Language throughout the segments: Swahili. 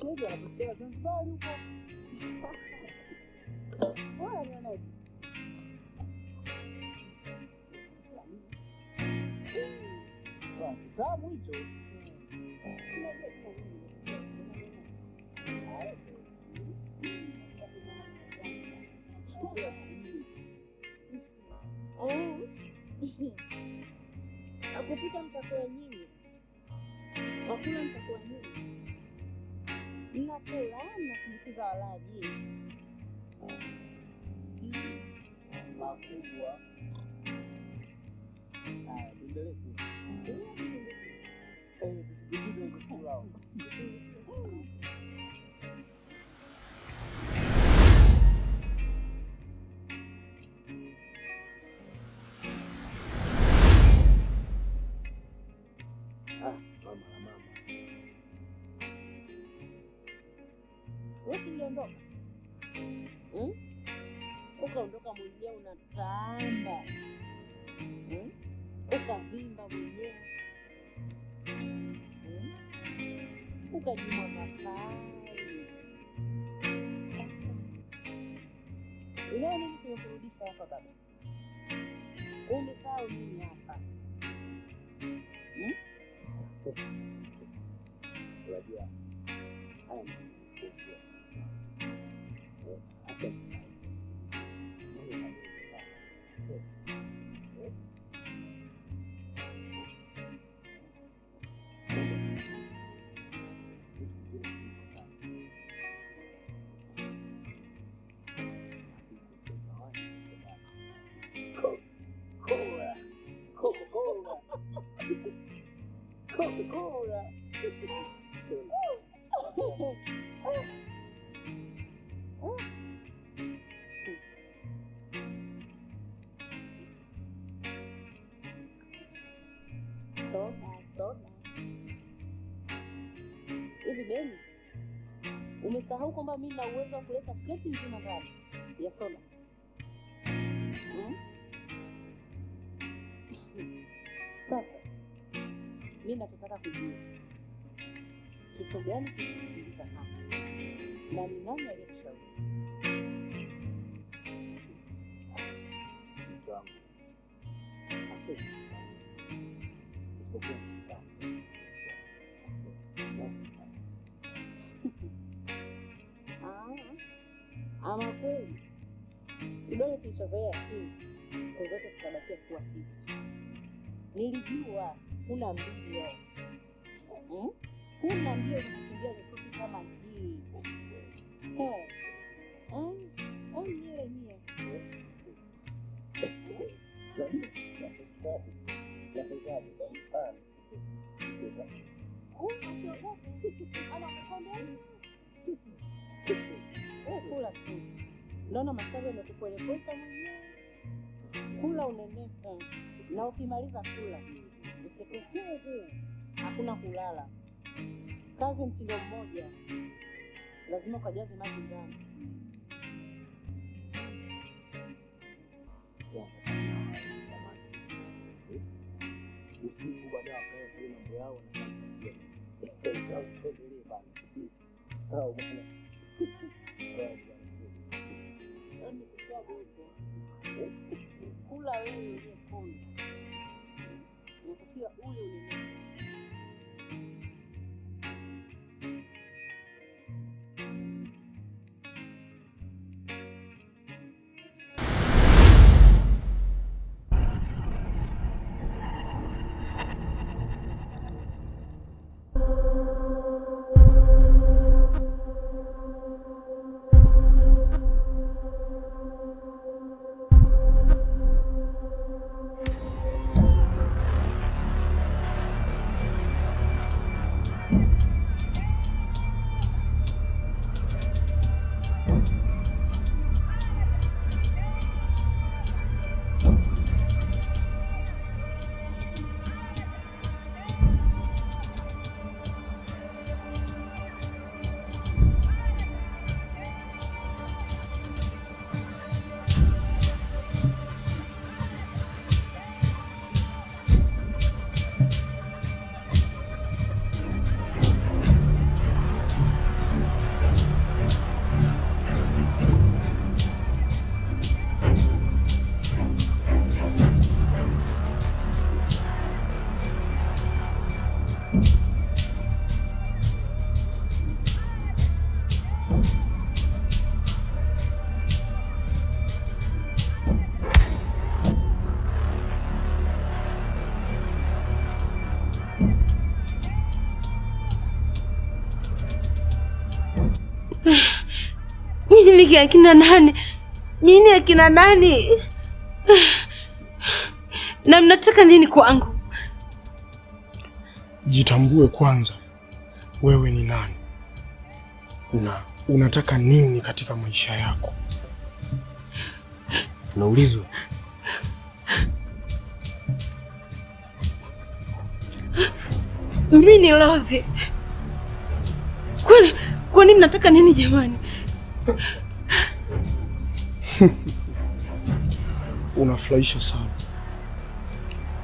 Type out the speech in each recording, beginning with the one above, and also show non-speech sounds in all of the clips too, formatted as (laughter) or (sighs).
anamrudisha hivi Zanzibar huko. Bora nionaje? Kitabu hicho oh. (laughs) akupika mtakuwa wakula mtakuwa mnakula kula, mnasindikiza walaji hmm. makubwa. Haya, ah, tuendelee. Wewe si uliondoka hmm? ukaondoka mwenyewe, unatamba hmm? ukavimba mwenyewe, hmm? ukajuma masai. Sasa leo nini kimekurudisha hapa baba? Umesahau nini hapa? Unajua haya Segura. Só dá, só dá. Hivi Beni, umesahau kwamba mimi na uwezo wa kuleta kreti nzima ndani ya soda? mi nachotaka kujua kitu gani kilichokuingiza hapa na ni nani aliyekushauri? Mke wangu isipokuwa shetani. (laughs) Ah, ama kweli kidole kilichozoea hii siku zote kitabakia kuwa hivi. Nilijua Huna mbio, hmm? huna mbio zinakimbia visisi kama hii mile mie kula tu, naona mashauri amekupelekeza mwenyewe. Kula unenepa, na ukimaliza kula Usiku huu huu hakuna kulala, kazi mtindo mmoja, lazima ukajaze maji ndani. Usiku baada ya mambo yao yaani kula wewe, kula 我是第二五六零零。Jini akina nani? Jini akina nani? (sighs) Na mnataka nini kwangu? jitambue kwanza, wewe ni nani na unataka nini katika maisha yako. Naulizwa mimi ni Lozi. Kwani kwa nini mnataka nini jamani? (laughs) Unafurahisha sana.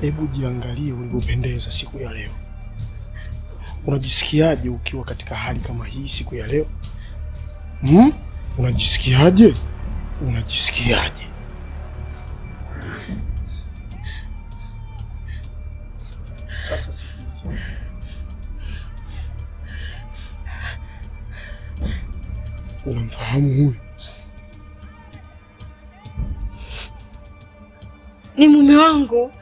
Hebu jiangalie ulivyopendeza siku ya leo. Unajisikiaje ukiwa katika hali kama hii siku ya leo hmm? Unajisikiaje? Unajisikiaje? Sasa sikiliza, unamfahamu huyu? Ni mume wangu (laughs)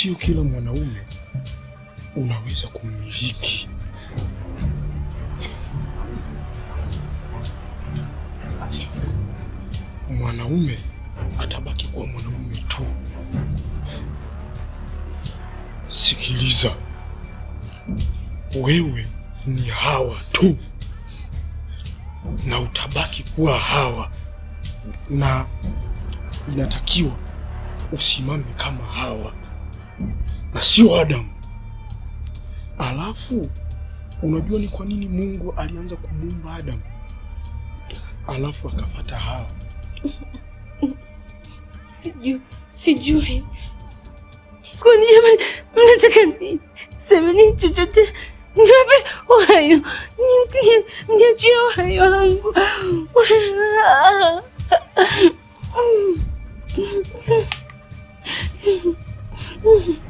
sio kila mwanaume unaweza kumiliki. Mwanaume atabaki kuwa mwanaume tu. Sikiliza, wewe ni Hawa tu na utabaki kuwa Hawa, na inatakiwa usimame kama Hawa na sio Adamu. Alafu unajua ni kwa nini Mungu alianza kumuumba Adamu alafu akafata Hawa? (laughs) Sijui, sijui kwani jamani, mnataka semeni chochote? Niwape wayo, mniachie wayo wangu. (laughs)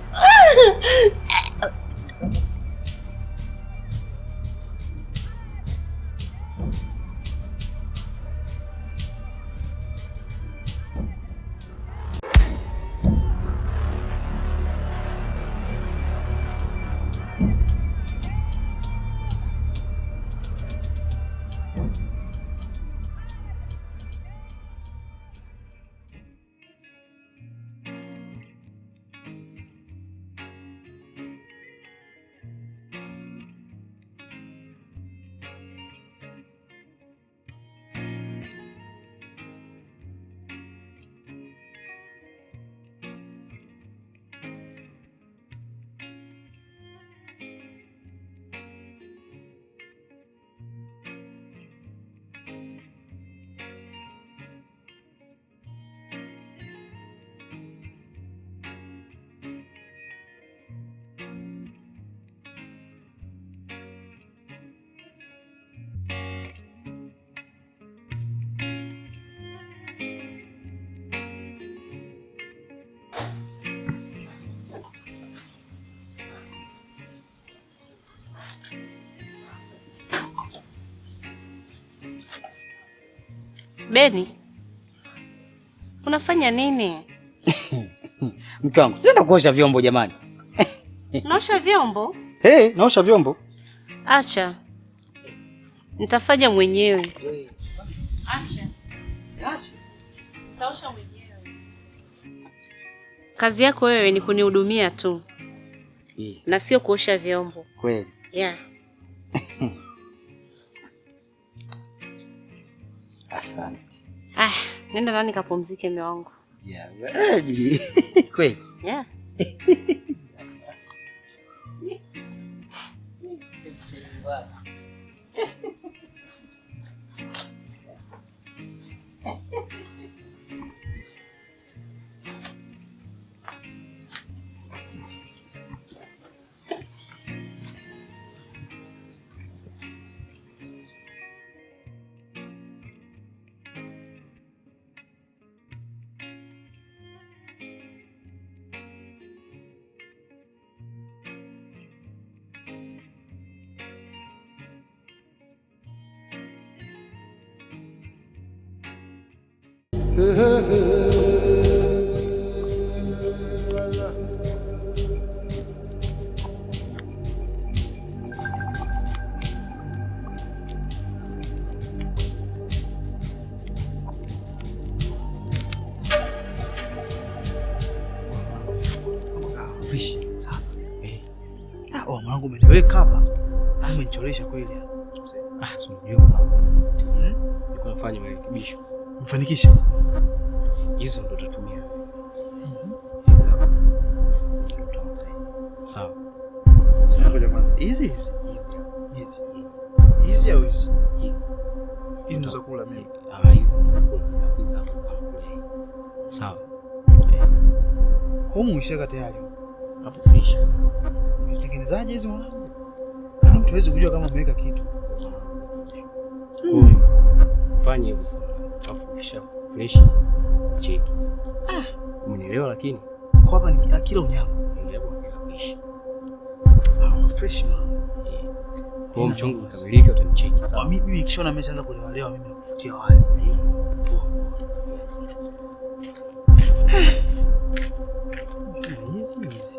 Beni, unafanya nini? (laughs) Mke wangu, sienda kuosha vyombo jamani. (laughs) Naosha vyombo? Hey, naosha vyombo. Acha nitafanya mwenyewe. Acha. Acha. Taosha mwenyewe. Kazi yako wewe ni kunihudumia tu, na sio kuosha vyombo. Kweli? Yeah. Asante. Ah, nenda nani kapumzike mume wangu. Yeah, (laughs) kweli. Yeah. Yeah. (laughs) Sawa. Eh. Ah, oh, umeniweka hapa. Ah, Umenicholesha kweli. kufanya marekebisho. Mfanikisha Hizo ndo utatumia. Mhm. Sawa. Hizi hizi. Hizi. au hizi? Hizi. Hizi ndo za kula mimi. Ah, hizi ndo kula. Hizi za Sawa. tayari. Hapo fisha. Msitengenezaje hizi mwanangu? Yaani mtu hawezi kujua kama umeweka kitu. Mm fanya hivi sasa, afu kisha fresh cheki. Ah, umenielewa? Lakini kwa hapa ni kila unyama fresh Ah, fresh man. Kwa mchongo kamilika utanicheki sawa. Mimi mimi ikishona ameshaanza kulewalewa, mimi nakufutia wapi? waya hizi hizi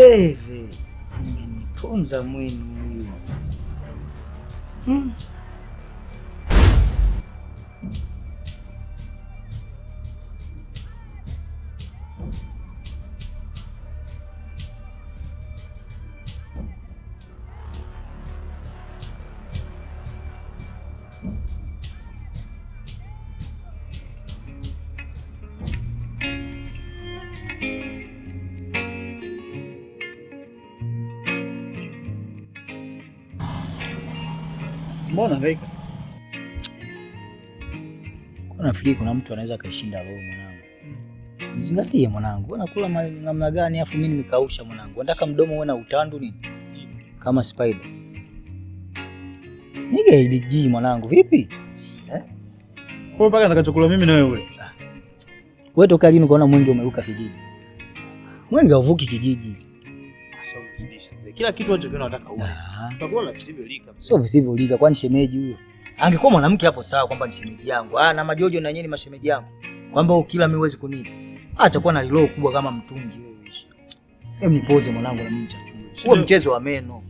Wewe umeniponza mwenu huyu. Hmm. nafikiri kuna mtu anaweza akaishinda roho mwanangu. Zingatie mwanangu, anakula namna gani afu mimi nimekausha mwanangu. Nataka mdomo uwe na utandu nini? Kama spider. Nige Big mwanangu, vipi? Eh? Kwa mpaka nitakachokula mimi na wewe. Ah. Wewe toka lini kuona mwenge umeruka kijiji? Mwenge uvuki kijiji. Sio kila kitu unachokiona unataka uone. Ah. Utakuwa na ulika, Sio ulika. kwani shemeji huyo? Angekuwa mwanamke hapo sawa, kwamba ni shemeji yangu ah, na majojo na yeye ni mashemeji yangu, kwamba ukila mimi huwezi kunipa. Acha kuwa na lilo kubwa kama mtungi wewe. Hem, nipoze mwanangu, na mimi chachua huo mchezo wa meno.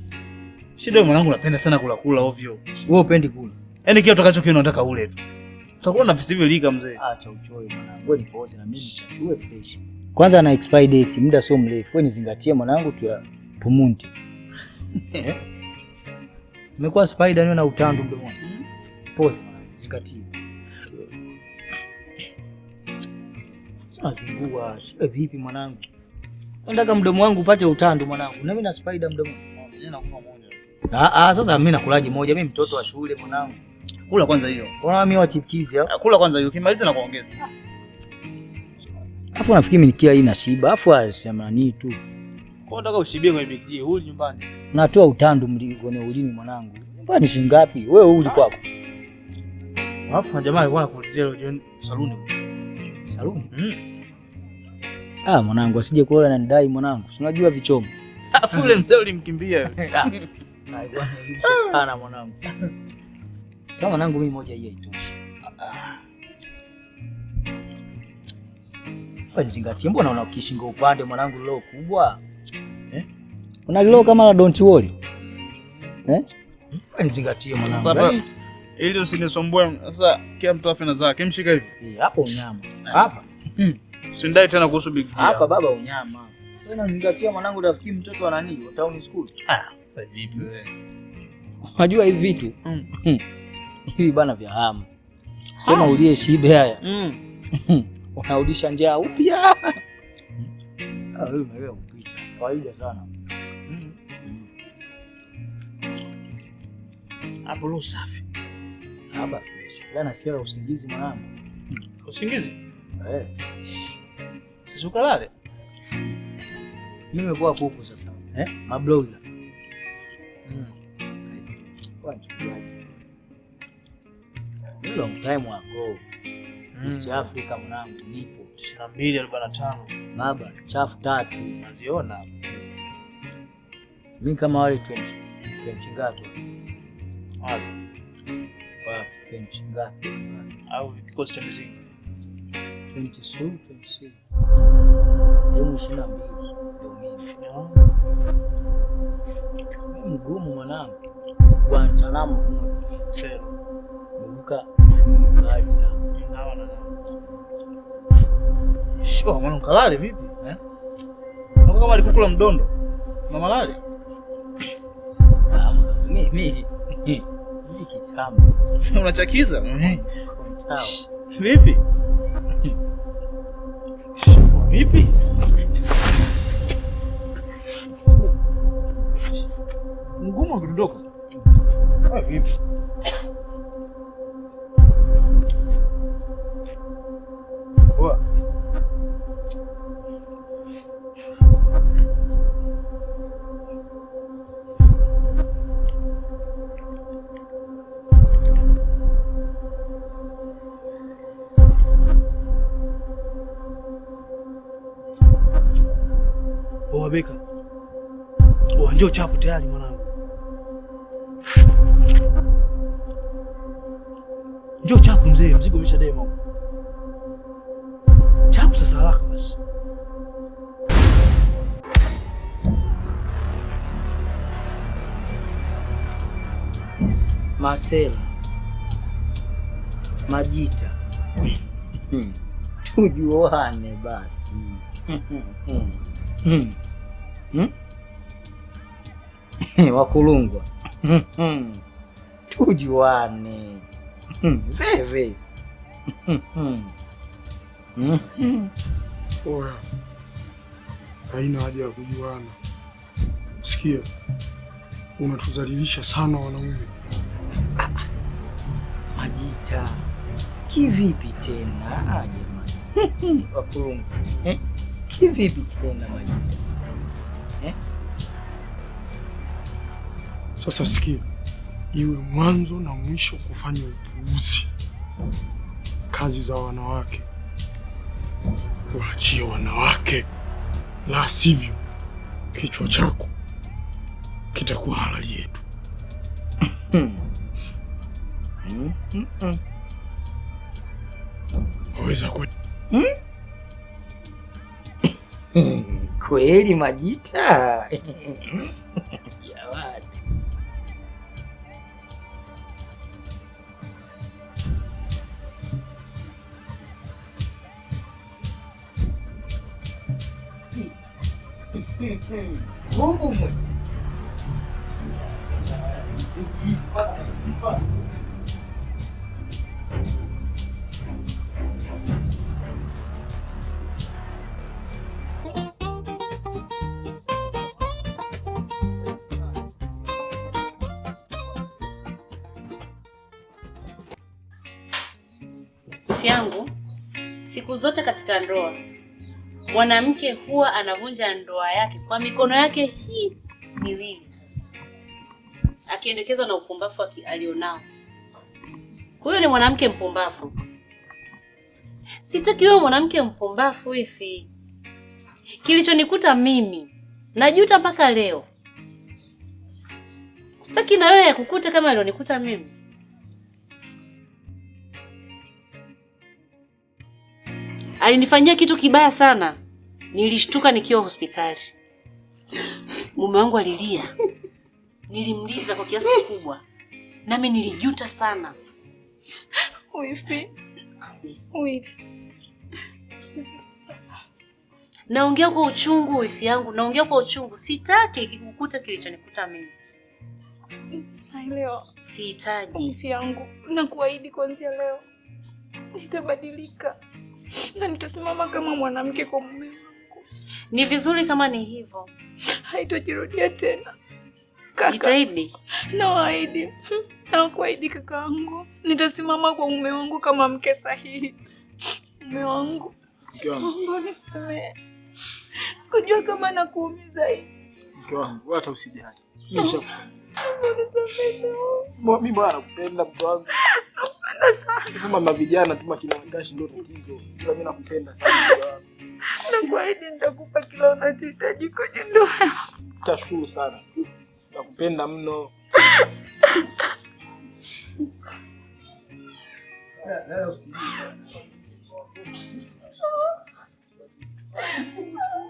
Shida mwanangu, napenda sana kula kula ovyo. Wewe upendi kula? Yaani kile utakachokiona unataka ule tu. Utakuwa na visivyo lika mzee. Acha uchoyo mwanangu, wewe nipoze na mimi chachua fresh. Kwanza na expire date muda sio mrefu. Wewe nizingatie mwanangu, tuyapumunte. (laughs) Nimekuwa spider niyo na utando mdomoni pole, zikatie. Azingua eh, vipi mwanangu? Nataka mdomo wangu upate utandu mwanangu. Na mimi na spider mdomo. Ah ah, sasa mimi nakulaje moja? Mi mtoto wa shule mwanangu. Kula kwanza hiyo. Kwa mimi wa chipkizi hapo. Ah, kula kwanza hiyo. Kimaliza na kuongeza. Afu nafikiri mimi nikia hii na shiba. Afu asiamani tu. Kwa nataka ushibie kwenye big G huli nyumbani. Natoa utandu mlingone ulimi mwanangu. Bwana shilingi ngapi? Wewe huli kwako. Alafu kuna jamaa alikuwa anakuulizia leo jioni saluni. Saluni? Mm. Ah, mwanangu asije kuona na ndai mwanangu. Unajua vichomo. (laughs) Afu yule mzee ulimkimbia (laughs) Na Alikuwa anajua sana mwanangu. Sasa mwanangu mimi moja hii haitoshi. Zingatia, mbona una kishingo upande mwanangu lilo kubwa eh? Una lilo kama la don't worry. Eh? Zingatia mwanangu. Yaani ili usinisumbue. Sasa kila mtu afe na zake, mshika hivi eh, hapo. Unyama hapa, hmm. Sindai tena kuhusu big hapa. Baba unyama nazingatia mwanangu, rafiki mtoto wa nani wa town school. Ah, eh. Unajua hivi vitu hmm. Hmm. hivi bana vya hamu sema ah. ulie shibe haya, unaudisha njaa upya kupita ah, kawaida sana hapo, lo safi Haba, tumeshikana na sio usingizi mwanangu. Usingizi? Eh. Sasa ukalale. Mimi kuku sasa, eh? Mabroila. Mm. Kwa nchukuaje? Ni long time ago. Mm. East Africa mwanangu nipo. 22 45. Baba, chafu tatu. Unaziona? Mimi kama wale 20. 20 ngapi? Hapo au kikosi cha mizigo mgumu mwanangu, kwa mtaalamu mbuka mbali sana. Mwana vipi eh? Kama alikukula mdondo na mimi (laughs) Unachakiza vipi? (laughs) Vipi? Choo chapu tayari mwanangu. Njoo chapu mzee, mzigo umesha demo. Chapu sasa haraka basi. Masela Majita, Tujuane hmm. (laughs) basi hmm. Hmm. Hmm. Hmm. (laughs) wakulungwa hmm, hmm. tujuane hmm, veve oya, haina haja ya kujuana. Sikia, unatuzalilisha sana wanaume. Ah, ah. Majita kivipi tena ah, jamani? wakulungwa kivipi tena Majita eh? Sasa sikia, iwe mwanzo na mwisho kufanya upuuzi. Kazi za wanawake waachie wanawake, la sivyo kichwa chako kitakuwa halali yetu. Waweza kweli? Kweli Majita. Mungu siku zote katika ndoa mwanamke huwa anavunja ndoa yake kwa mikono yake hii miwili, akiendekezwa na upumbavu alionao. Huyo ni mwanamke mpumbavu. Sitaki wewe mwanamke mpumbavu hivi. Kilichonikuta mimi najuta mpaka leo. Sitaki na wewe yakukuta kama alionikuta mimi. Alinifanyia kitu kibaya sana, nilishtuka nikiwa hospitali. Mume wangu alilia, nilimliza kwa kiasi kikubwa, nami nilijuta sana. Wifi, wifi, naongea kwa uchungu. Wifi yangu, naongea kwa uchungu, sitaki kikukuta kilichonikuta mimi. Leo sihitaji wifi yangu, nakuahidi kuanzia leo nitabadilika na nitasimama kama mwanamke kwa mume wangu. Ni vizuri kama ni hivyo, haitojirudia tena. Kaka, jitahidi. Nawaahidi, (laughs) nakuahidi wangu, nitasimama kwa mume wangu kama mke sahihi. Mume wangu, Mungu nisamehe, sikujua kama nakuumiza hivi. Mke wangu, hata usijali, mimi nishakusamehe. Mimi bwana nakupenda mke wangu. Sema mavijana tuma makina Nakashi ndio tatizo. Ila mimi nakupenda sana. Nakuahidi nitakupa kila unachohitaji kwenye ndoa. Tashukuru sana. Nakupenda mno. (laughs)